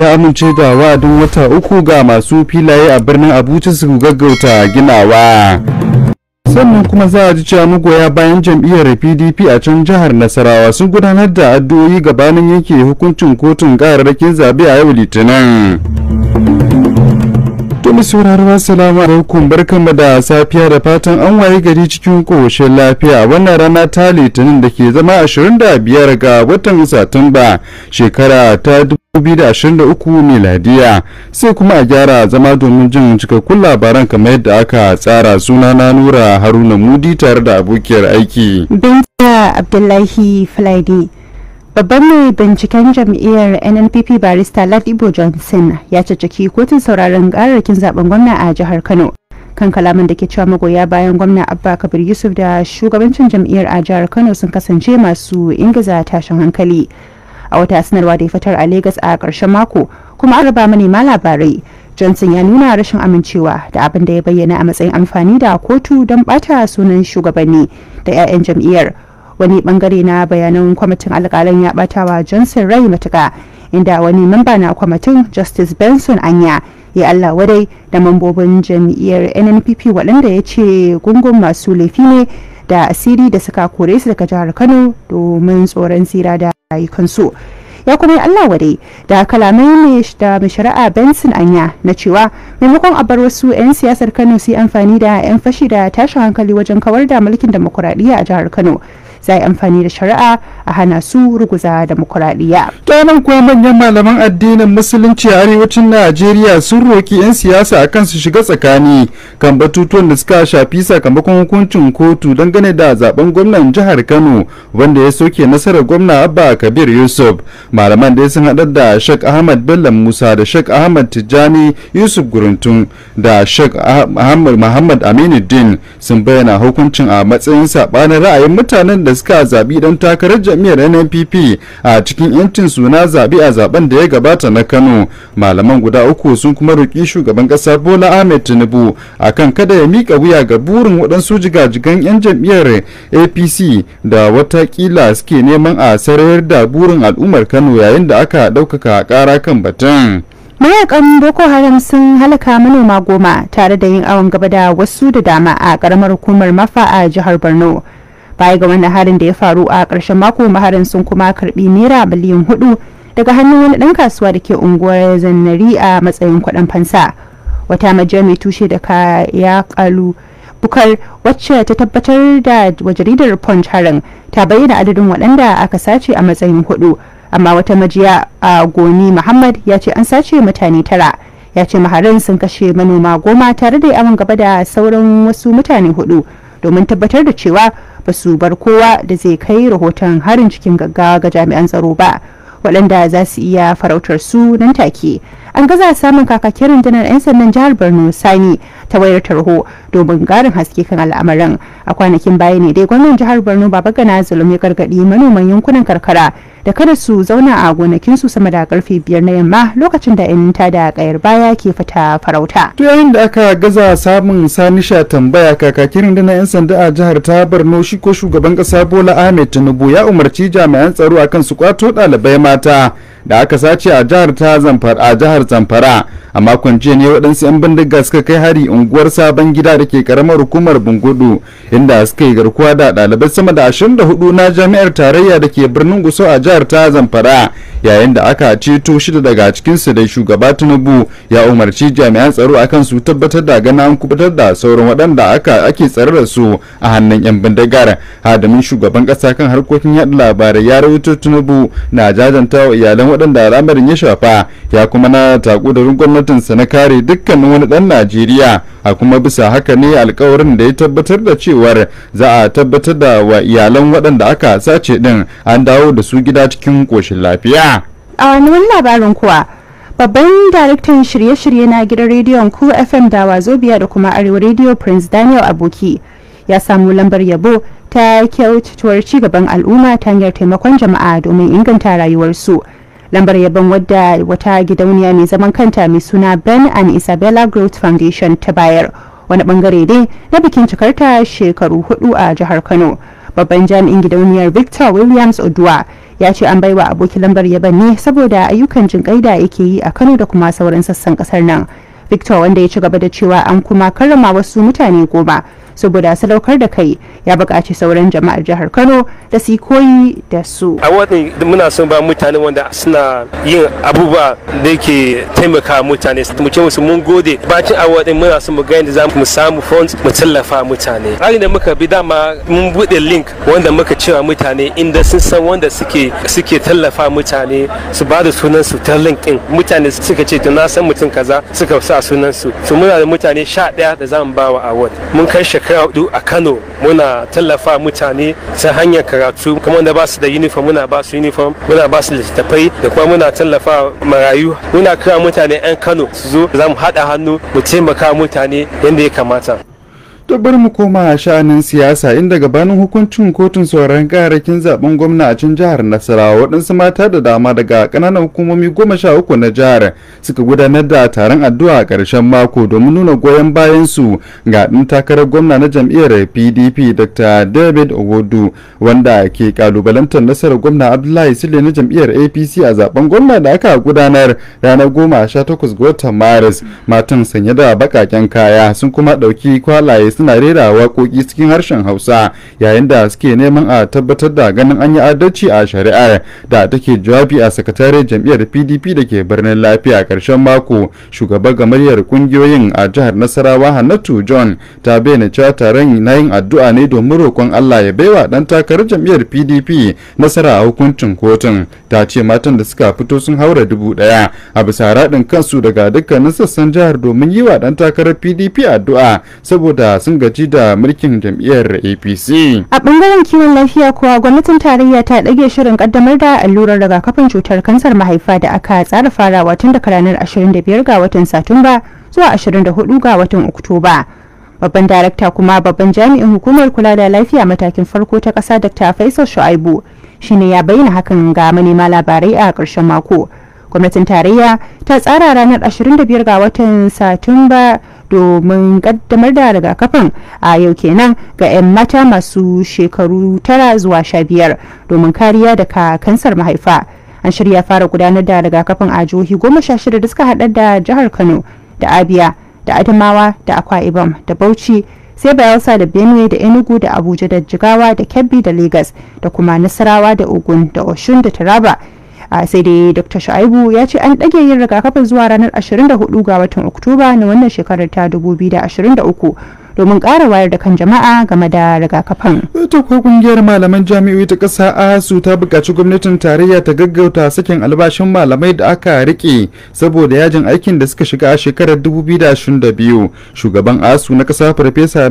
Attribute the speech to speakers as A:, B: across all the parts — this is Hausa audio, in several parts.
A: ya amince da wa'adin wata uku ga masu filaye a birnin abuja su gaggauta ginawa sannan kuma za a ji cewa magoya bayan jam'iyyar pdp a can jihar nasarawa sun gudanar da addu'o'i gabanin yanke hukuncin kotun kararrakin zaɓe a yau litinin Ku mi sauraro alaikum barkanmu da safiya da fatan an waye gari cikin koshin lafiya wannan rana ta litinin da ke zama 25 ga watan Satumba shekara ta 2023 miladiya sai kuma a gyara zama domin jin cikakkun labaran kamar yadda aka tsara suna na nura haruna mudi tare da abokiyar aiki.
B: Binta Abdullahi Flaidi. Babban mai binciken jam'iyyar NNPP barista Ladibo Johnson ya caccaki kotun sauraron kararrakin zaben gwamna a jihar Kano. Kan kalaman da ke cewa magoya bayan gwamna Abba Kabir Yusuf da shugabancin jam'iyyar a jihar Kano sun kasance masu ingiza tashin hankali. A wata sanarwa da ya fitar a Legas a ƙarshen mako kuma an raba manema labarai. Johnson ya nuna rashin amincewa da abin da ya bayyana a matsayin amfani da kotu don bata sunan shugabanni da 'ya'yan jam'iyyar. wani bangare na bayanan kwamitin alkalin ya bata wa johnson rai matuka inda wani mamba na kwamitin justice benson anya ya allah wadai da mambobin jam'iyyar nnpp waɗanda ya ce gungun masu laifi ne da asiri da suka kore su daga jihar kano domin tsoron tsira da rayukansu ya kuma yi Allah wadai da kalamai ne da shari'a Benson Anya na cewa maimakon a bar wasu 'yan siyasar Kano su yi amfani da 'yan fashi da tashin hankali wajen kawar da mulkin demokuraɗiyya a jihar Kano za a amfani da shari'a a hana su ruguza demokuraɗiyya.
A: ta nan kuma manyan malaman addinin musulunci a arewacin najeriya sun roki 'yan siyasa akan su shiga tsakani kan batutuwan da suka shafi sakamakon hukuncin kotu dangane da zaben gwamnan jihar kano wanda ya soke nasarar gwamna abba kabir yusuf malaman dai sun haɗar da shek ahmad bello musa da shek ahmad tijjani yusuf guruntun da shek ahmad muhammad aminuddin sun bayyana hukuncin a matsayin saɓanin ra'ayin mutanen da da suka zabi dan takarar jami'ar NNPP a cikin 'yancin suna zaɓe a zaben da ya gabata na Kano. Malaman guda uku sun kuma roƙi shugaban ƙasa Bola Ahmed Tinubu akan kada ya mika wuya ga burin waɗansu jigajigan 'yan jam'iyyar APC da watakila suke neman a sarayar da burin al'ummar Kano yayin da aka ɗaukaka ƙara kan batun.
B: mayakan boko haram sun halaka manoma goma tare da yin awon gaba da wasu da dama a karamar hukumar mafa a jihar borno baya ga wani harin da ya faru a ƙarshen mako maharin sun kuma karbi naira miliyan hudu daga hannun wani ɗan kasuwa da ke unguwar zannari a matsayin kuɗin fansa wata majiyar mai tushe da ya ƙalu bukar wacce ta tabbatar da wa jaridar punch harin ta bayyana adadin waɗanda aka sace a matsayin hudu amma wata majiya a goni muhammad ya ce an sace mutane tara ya ce maharin sun kashe manoma goma tare da yawan gaba da sauran wasu mutane hudu domin tabbatar da cewa ba su bar kowa da zai kai rahoton harin cikin gaggawa ga jami'an tsaro ba waɗanda za su iya farautar su nan take an gaza samun kakakin rundunar 'yan sandan jihar borno sani ta wayar tarho domin garin haske kan al'amarin a kwanakin baya ne dai gwamnan jihar borno baba gana na zulumi gargaɗi manoman yankunan karkara da kada su zauna a gonakinsu sama da karfe biyar na yamma lokacin da 'yan da kayar baya ke fita farauta.
A: to yayin da aka gaza samun sani sha tambaya kakakin rundunar 'yan sanda a jihar ta borno shi ko shugaban kasa bola ahmed tinubu ya umarci jami'an tsaro akan su kwato ɗalibai mata da aka sace a jihar ta zamfara a jihar zamfara a makon jiya ne waɗansu 'yan bindiga suka kai hari unguwar sabon gida da ke karamar hukumar bungudu inda suka yi garkuwa da ɗalibai sama da hudu na jami'ar tarayya da ke birnin guso a jihar ta zamfara yayin da aka ceto shida daga cikinsu da shugaba tinubu ya umarci jami'an tsaro akan su tabbatar da gana an kubutar da sauran waɗanda aka ake tsare da su a hannun yan bindigar hadamin shugaban ƙasa kan harkokin yaɗa labarai ya rawaito tinubu na jajanta wa iyalan waɗanda al'amarin ya shafa ya kuma na takudarin gwamnatinsa na kare dukkanin wani dan najeriya a kuma bisa haka ne alkawarin da ya tabbatar da cewar za a tabbatar da wa iyalan waɗanda aka sace din an dawo da su gida cikin koshin lafiya
B: a wani labarin kuwa babban daraktan shirye-shirye na gidan rediyon ku fm da wazobia da kuma arewa radio prince daniel aboki ya samu lambar yabo ta kyautatuwar cigaban al'umma ta hanyar taimakon jama'a domin inganta rayuwarsu. lambar yabon wadda wata gidauniya mai zaman kanta mai suna ben and isabella growth foundation ta bayar wani bangare ne na bikin cikarta shekaru hudu a jihar kano babban jami'in gidauniyar victor williams odua ya ce an baiwa aboki lambar yabon ne saboda ayyukan jinƙaida da yake yi a kano da kuma sauran sassan kasar nan victor wanda ya ci gaba da cewa an kuma karrama wasu mutane goma saboda sadaukar da kai ya buƙaci sauran jama'ar jihar kano da su koyi da su
C: a wani muna son ba mutane wanda suna yin abubuwa da ke taimaka mutane su ce musu mun gode bacin a wani muna son mu ga yadda za mu samu funds mu tallafa mutane hari da muka bi dama mun buɗe link wanda muka cewa mutane inda sun san wanda suke suke tallafa mutane su ba da sunan su ta link din mutane suka ce to na san mutum kaza suka sa sunan su su muna da mutane sha ɗaya da za mu ba wa award mun kai shekara hudu a kano muna tallafa mutane ta hanyar karatu kuma wanda ba su da uniform muna ba su uniform muna ba su littattafai da kuma muna tallafa marayu muna kira mutane 'yan kano su zo za mu haɗa hannu mu taimaka mutane yadda ya kamata
A: To bari mu koma a sha'anin siyasa inda gabanin hukuncin kotun sauran kayayyakin zaben gwamna a can jihar Nasarawa waɗansu mata da dama daga ƙananan hukumomi goma sha uku na jihar suka gudanar da taron addu'a a ƙarshen mako domin nuna goyon bayan su ga ɗin takarar gwamna na jam'iyyar PDP Dr. David ogodu wanda ke kalubalantar nasarar gwamna Abdullahi Sule na jam'iyyar APC a zaben gwamna da aka gudanar ranar goma sha takwas ga watan Maris matan sanye da baƙaƙen kaya sun kuma ɗauki kwalaye suna rera waƙoƙi cikin harshen hausa yayin da suke neman a tabbatar da ganin an yi adalci a shari'ar da take jawabi a sakatare jam'iyyar pdp da ke birnin lafiya karshen mako shugaban gamaryar ƙungiyoyin a jihar nasarawa hannatu john ta bayyana cewa taron na yin addu'a ne domin roƙon allah ya baiwa dan takarar jam'iyyar pdp nasara a hukuncin kotun ta ce matan da suka fito sun haura dubu ɗaya a bisa raɗin kansu daga dukkanin sassan jihar domin yi wa ɗan takarar pdp addu'a saboda da sun gaji da mulkin jam'iyyar apc
B: a bangaren kiwon lafiya kuwa gwamnatin tarayya ta ɗage shirin kaddamar da allurar rigakafin cutar kansar mahaifa da aka tsara farawa tun daga ranar 25 ga watan satumba zuwa 24 ga watan oktoba babban darakta kuma babban jami'in hukumar kula da lafiya matakin farko ta ƙasa dr faisal shu'aibu shine ya bayyana hakan ga manema labarai a ƙarshen mako gwamnatin tarayya ta tsara ranar 25 ga watan satumba domin kaddamar da rigakafin a yau kenan ga 'yan mata masu shekaru 9 zuwa 15 domin kariya daga kansar mahaifa an shirya fara gudanar da rigakafin a jihohi goma sha shida da suka hada da jihar kano da abia da adamawa da akwa ibom da bauchi sai bayelsa da benue da enugu da abuja da jigawa da kebbi da lagos da kuma nasarawa da ogun da oshun da taraba a sai dai dr shaibu ya ce an ɗage yin rigakafin zuwa ranar 24 ga watan oktoba na wannan shekarar ta 2023 domin ƙara wayar da kan jama'a game da rigakafin.
A: ita eh, kuwa kungiyar malaman jami'o'i ta ƙasa asu ta buƙaci gwamnatin tarayya ta gaggauta sakin albashin malamai da aka rike saboda yajin aikin da suka shiga a shekarar 2022 shugaban asu na ƙasa farfesa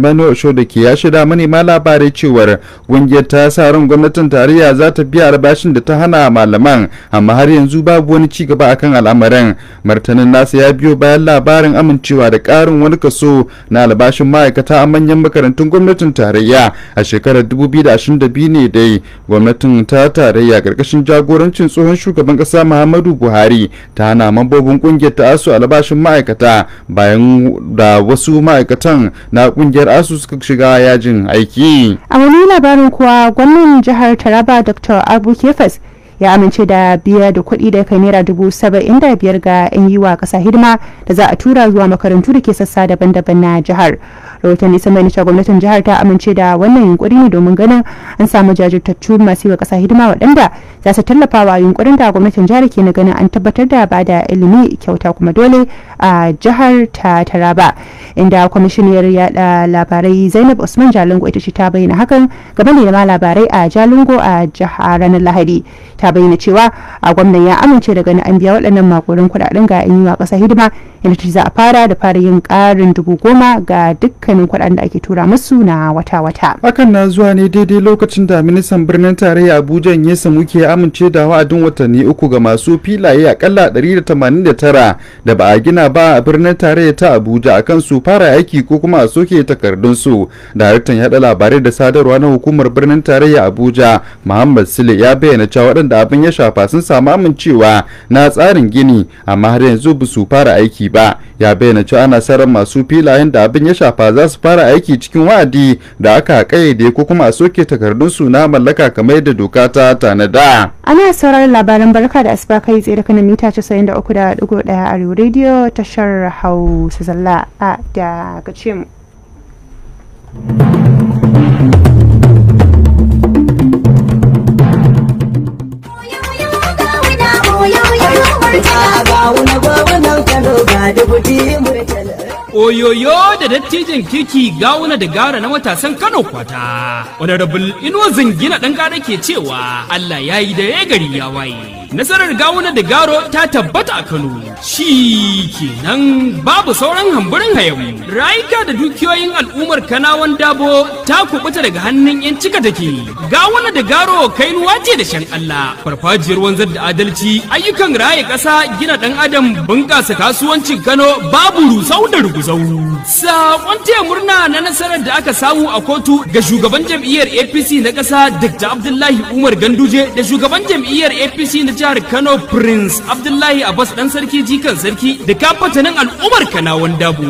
A: da ke ya shaida manema labarai cewar kungiyar ta sa ran gwamnatin tarayya za ta biya albashin da ta hana malaman amma har yanzu babu wani ci gaba akan al'amarin martanin nasa ya biyo bayan labarin amincewa da ƙarin wani kaso na albashin ma'aikata ma'aikata a manyan makarantun gwamnatin tarayya a shekarar 2022 ne dai gwamnatin ta tarayya karkashin jagorancin tsohon shugaban kasa muhammadu buhari ta hana mambobin kungiyar ta asu albashin ma'aikata bayan da wasu ma'aikatan na kungiyar asu suka shiga yajin aiki
B: a wani labarin kuwa gwamnan jihar taraba dr abu kefas ya amince da biya da kuɗi da kai naira dubu saba'in da biyar ga 'yan yi wa ƙasa hidima da za a tura zuwa makarantu da ke sassa daban-daban na jihar rahotanni sun bayyana cewa gwamnatin jihar ta amince da wannan yunkuri ne domin ganin an samu jajirtaccu masu yi wa ƙasa hidima waɗanda za su tallafa wa yunkurin da gwamnatin jihar ke na ganin an tabbatar da ba da ilimi kyauta kuma dole a jihar ta taraba inda kwamishiniyar yada labarai zainab usman jalingo ita ce ta bayyana hakan game da ma labarai a jalingo a jihar ranar lahadi ta bayyana cewa a gwamnan ya amince da ganin an biya waɗannan makurin kuɗaɗen ga yan yi wa ƙasa hidima inda ta za a fara da fara yin ƙarin dubu goma ga duk. dukkanin kuɗaɗen da ake tura musu na wata-wata.
A: Hakan na zuwa ne daidai lokacin da ministan birnin tarayya Abuja ya samu ke amince da wa'adin watanni uku ga masu filaye akalla 189 da ba a gina ba a birnin tarayya ta Abuja akan su fara aiki ko kuma a soke takardunsu. Daraktan yaɗa labarai da sadarwa na hukumar birnin tarayya Abuja Muhammad Sule ya bayyana cewa waɗanda abin ya shafa sun samu amincewa na tsarin gini amma har yanzu ba su fara aiki ba. ya bayyana cewa ana sa ran masu filayen da abin ya shafa za su fara aiki cikin wa'adi da aka kayyade ko kuma a soke takardun su na mallaka kamar yadda doka ta tanada.
B: Ana sauraron labaran barka da asuba kai tsaye daga mita 93.1 Arewa Radio tashar Hausa Zalla a daga Cim.
C: Ba wani Oyoyo da dattijin kirki gawuna da gara na matasan Kano kwata. Honorable Inuwa Zingina ɗan ke cewa Allah ya yi da ya gari ya waye. nasarar gawuna da garo ta tabbata a kano shi kenan babu sauran hamburin hayabu rayuka da dukiyoyin al'ummar kanawan dabo ta kubuta daga hannun yan cika take gawuna da garo kai kainuwa ce da shan allah farfajiyar wanzar da adalci ayyukan raye ƙasa gina dan adam bunƙasa kasuwancin kano babu rusau da ruguzau saƙon taya murna na nasarar da aka samu a kotu ga shugaban jam'iyyar apc na ƙasa dr abdullahi umar ganduje da shugaban jam'iyyar apc na jihar Kano Prince Abdullahi Abbas dan sarki jikan sarki da kafatanin al'ummar wanda Dabo.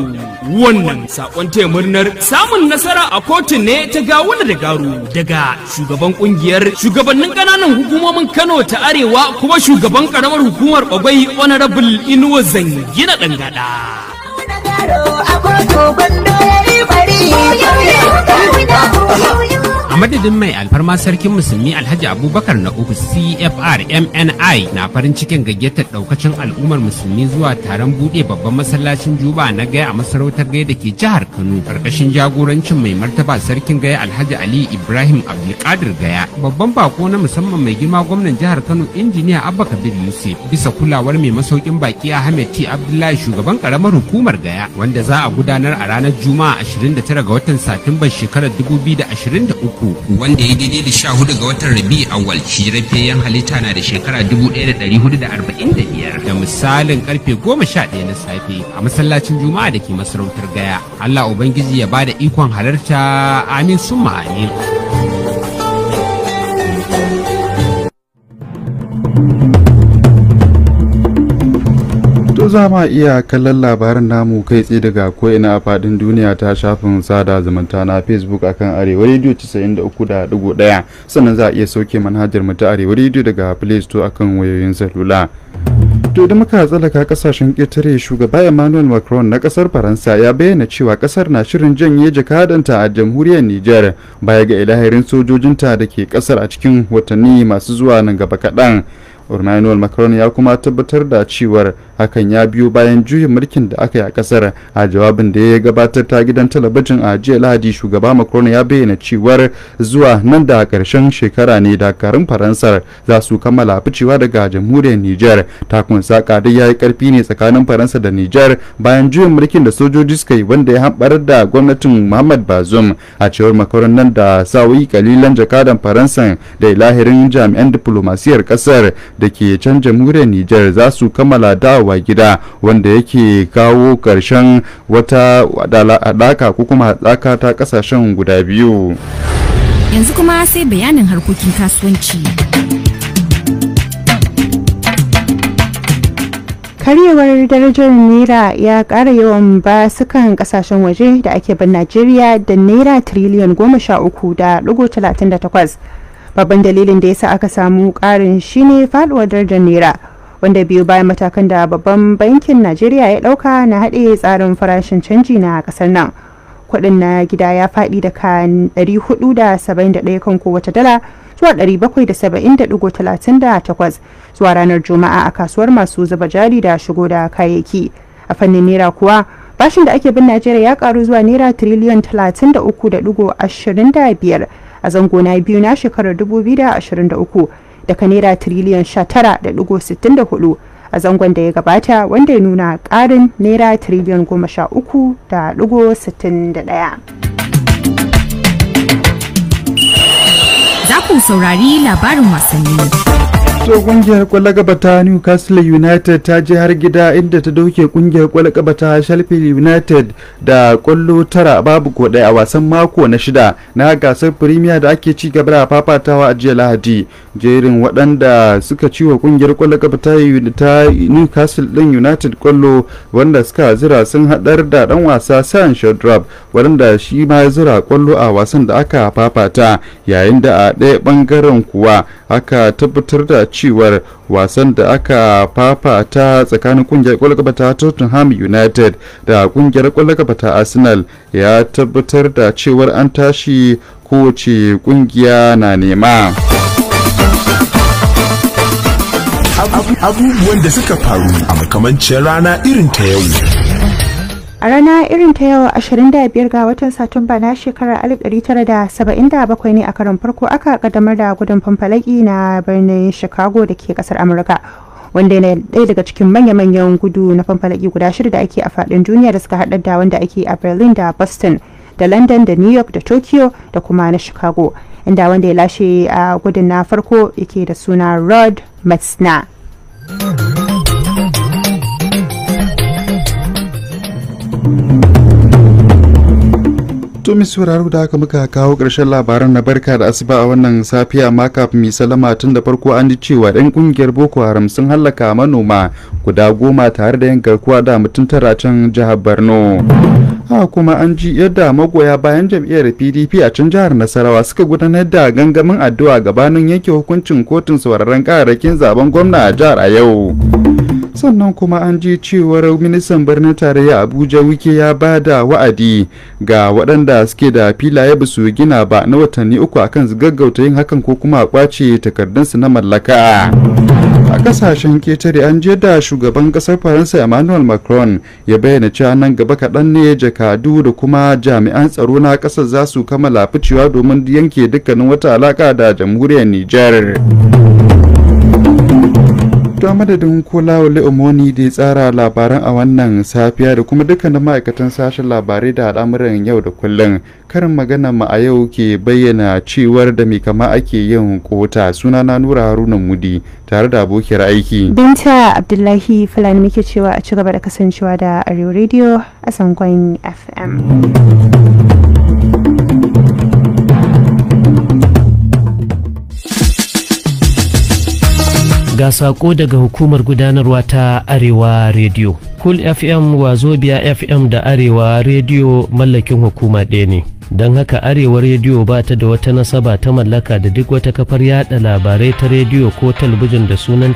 C: Wannan sakon taya murnar samun nasara a kotu ne ta gawuna da garu daga shugaban kungiyar shugabannin kananan hukumomin Kano ta Arewa kuma shugaban karamar hukumar Bagwai Honorable Inuwa Zangina Dangada. Garo madadin mai alfarma sarkin musulmi alhaji abubakar na uku cfr mni na farin cikin gayyatar daukacin al'ummar musulmi zuwa taron bude babban masallacin juba na gaya a masarautar gaya da ke jihar kano karkashin jagorancin mai martaba sarkin gaya alhaji ali ibrahim abdulkadir gaya babban bako na musamman mai girma gwamnan jihar kano injiniya abba kabir yusuf bisa kulawar mai masaukin baki ahmed t abdullahi shugaban karamar hukumar gaya wanda za a gudanar a ranar juma'a 29 ga watan satumbar shekarar 2023 wanda ya daidai da sha hudu ga watan rabi wal shirafiyyen halitta na da shekara dubu ɗaya da ɗari hudu da arba'in da biyar da misalin karfe goma sha ɗaya na safe a masallacin juma'a da ke masarautar gaya allah ubangiji ya ba da ikon halarta
A: amin summa amin. za ma iya kallon labarin namu kai tsaye daga ko'ina a fadin duniya ta shafin sada zumunta na facebook akan arewa radio 93.1 sannan za a iya sauke manhajar mu ta arewa radio daga play store akan wayoyin salula to da muka tsallaka kasashen ƙetare shugaba emmanuel macron na kasar faransa ya bayyana cewa ƙasar na shirin janye jakadanta a jamhuriyar niger baya ga ilahirin sojojinta da ke kasar a cikin watanni masu zuwa nan gaba kaɗan Emmanuel Macron ya kuma tabbatar da cewar hakan ya biyo bayan juyin mulkin da aka yi a kasar a jawabin da ya gabatar ta gidan talabijin a jiya Lahadi shugaba Macron ya bayyana cewar zuwa nan da karshen shekara ne dakarun Faransar za su kammala ficewa daga jamhuriyar Niger takun saka dai ya yi karfi ne tsakanin Faransa da Niger bayan juyin mulkin da sojoji suka yi wanda ya haɓar da gwamnatin Muhammad Bazoum a cewar Macron nan da sawayi kalilan jakadan Faransa da lahirin jami'an diplomasiyar kasar da ke can jamhuriyar Nijar za su kammala dawowa gida wanda yake kawo ƙarshen wata haɗaka ko kuma haɗaka ta ƙasashen guda biyu.
B: Yanzu kuma sai bayanin harkokin kasuwanci. karyewar darajar naira ya kara yawan basukan kasashen waje da ake ban najeriya da naira tiriliyan goma sha uku da ɗigo talatin da takwas babban dalilin da ya sa aka samu karin shine faduwar darajar naira wanda biyu bayan matakan da babban bankin najeriya ya dauka na haɗe tsarin farashin canji na kasar nan kuɗin na gida ya faɗi da kan 471 kan kowace dala zuwa 770.38 zuwa ranar juma'a a kasuwar masu zuba jari da shigo da kayayyaki a fannin naira kuwa bashin da ake bin najeriya ya karu zuwa naira tiriliyan 33.25 a zango na biyu na shekarar 2023 daga naira tiriliyan 19.64 a zangon da ya gabata wanda ya nuna karin naira tiriliyan 13.61 Za ku saurari labarin wasanni.
A: so kungiyar kwallon gaba ta Newcastle United ta je har gida inda ta doke kungiyar kwallon gaba ta Sheffield United da kwallo tara babu ko a wasan mako na shida na gasar Premier da ake ci gaba da fafatawa a jiya Lahadi. Jerin waɗanda suka ci kungiyar kwallon gaba ta Newcastle din United kwallo wanda suka zira sun haɗar da ɗan wasa Sam Shadrap wanda shi ma zira kwallo a wasan da aka fafata yayin da a ɗaya ɓangaren kuwa aka tabbatar da cewar wasan da aka fafata tsakanin kungiyar kwallon ta Tottenham United da kungiyar kwallon ta Arsenal ya tabbatar da cewar an tashi kowace kungiya na nema.
C: abubuwan da suka faru a makamancin rana irin ta yau
B: a rana irin ta yau 25 ga watan satumba na shekarar 1977 ne a karon farko aka kaddamar da gudun fanfalaki na birnin chicago da ke kasar amurka wanda yana ɗaya daga cikin manya-manyan gudu na fanfalaki guda shida da ake a faɗin duniya da suka haɗa da wanda ake a berlin da boston da london da new york da tokyo da kuma na chicago inda wanda ya lashe a gudun na farko yake da suna rod metzner
A: To mai sauraro da aka muka kawo ƙarshen labaran na barka da asuba a wannan safiya amma kafin mai salama tun da farko an ji cewa 'yan ƙungiyar Boko Haram sun hallaka manoma guda goma tare da yin garkuwa da mutum tara can jihar Borno. Haka kuma an ji yadda magoya bayan jam'iyyar PDP a can jihar Nasarawa suka gudanar da gangamin addu'a gabanin yanke hukuncin kotun sauraron kararrakin zaben gwamna a jihar a yau. sannan kuma an ji cewa ministan birnin tarayya abuja wike ya ba da wa'adi ga waɗanda suke da filaye ba su gina ba na watanni uku akan gaggauta yin hakan ko kuma a kwace takardunsu na mallaka a kasashen ketare an je da shugaban kasar faransa emmanuel macron ya bayyana cewa nan gaba kaɗan ne jakadu da kuma jami'an tsaro na ƙasar za su kammala ficewa domin yanke dukkanin wata alaka da jamhuriyar niger don madadin kula wale umoni da ya tsara labaran a wannan safiya da kuma na ma'aikatan sashen labarai da al'amuran yau da kullum karin magana ma a yau ke bayyana cewar da mai kama ake yin kota suna na nura haruna mudi tare da abokiyar aiki
B: binta abdullahi fulani muke cewa a ci gaba da kasancewa da arewa radio a fm
C: ga sako daga hukumar gudanarwa ta arewa rediyo cool fm wazobia fm da arewa rediyo mallakin hukuma ɗaya ne don haka arewa rediyo ba ta da wata nasaba ta mallaka da duk wata kafar yada labarai ta rediyo ko talabijin da sunan